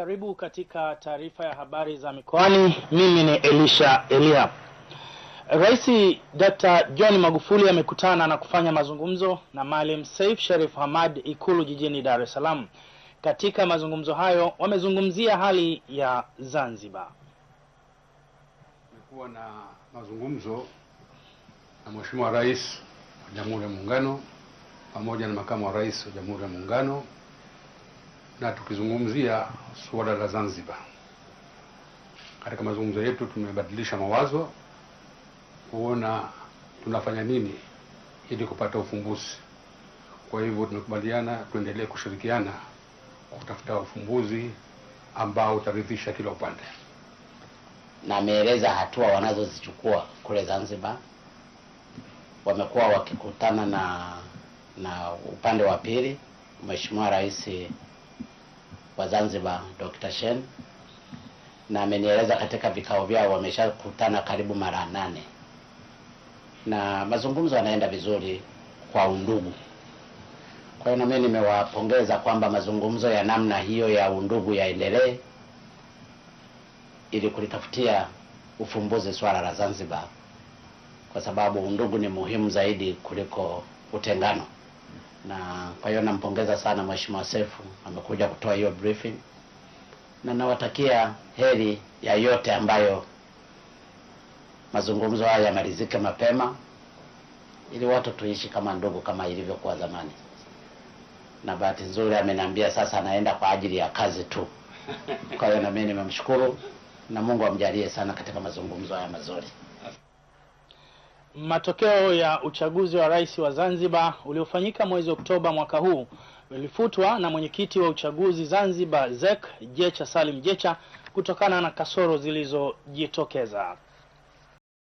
Karibu katika taarifa ya habari za mikoani. Mimi ni Elisha Elia. Rais Dr. John Magufuli amekutana na kufanya mazungumzo na Maalim saif Sharif Hamad Ikulu jijini Dar es Salaam. Katika mazungumzo hayo wamezungumzia hali ya Zanzibar. Tumekuwa na mazungumzo na mweshimiwa Rais wa Jamhuri ya Muungano pamoja na Makamu wa Rais wa Jamhuri ya Muungano na tukizungumzia suala la Zanzibar, katika mazungumzo yetu tumebadilisha mawazo kuona tunafanya nini ili kupata ufumbuzi. Kwa hivyo tumekubaliana tuendelee kushirikiana kutafuta ufumbuzi ambao utaridhisha kila upande, na ameeleza hatua wanazozichukua kule Zanzibar. Wamekuwa wakikutana na na upande wa pili, Mheshimiwa Rais wa Zanzibar Dr. Shen na amenieleza katika vikao vyao wameshakutana karibu mara nane na mazungumzo yanaenda vizuri kwa undugu. Kwa hiyo nami nimewapongeza kwamba mazungumzo ya namna hiyo ya undugu yaendelee ili kulitafutia ufumbuzi swala la Zanzibar, kwa sababu undugu ni muhimu zaidi kuliko utengano na kwa hiyo nampongeza sana Mheshimiwa Sefu amekuja kutoa hiyo briefing, na nawatakia heri ya yote ambayo mazungumzo haya yamalizike mapema, ili watu tuishi kama ndugu kama ilivyokuwa zamani. Na bahati nzuri ameniambia sasa anaenda kwa ajili ya kazi tu. Kwa hiyo na mimi nimemshukuru na Mungu amjalie sana katika mazungumzo haya mazuri. Matokeo ya uchaguzi wa rais wa Zanzibar uliofanyika mwezi Oktoba mwaka huu ilifutwa na mwenyekiti wa uchaguzi Zanzibar ZEC Jecha Salim Jecha kutokana na kasoro zilizojitokeza.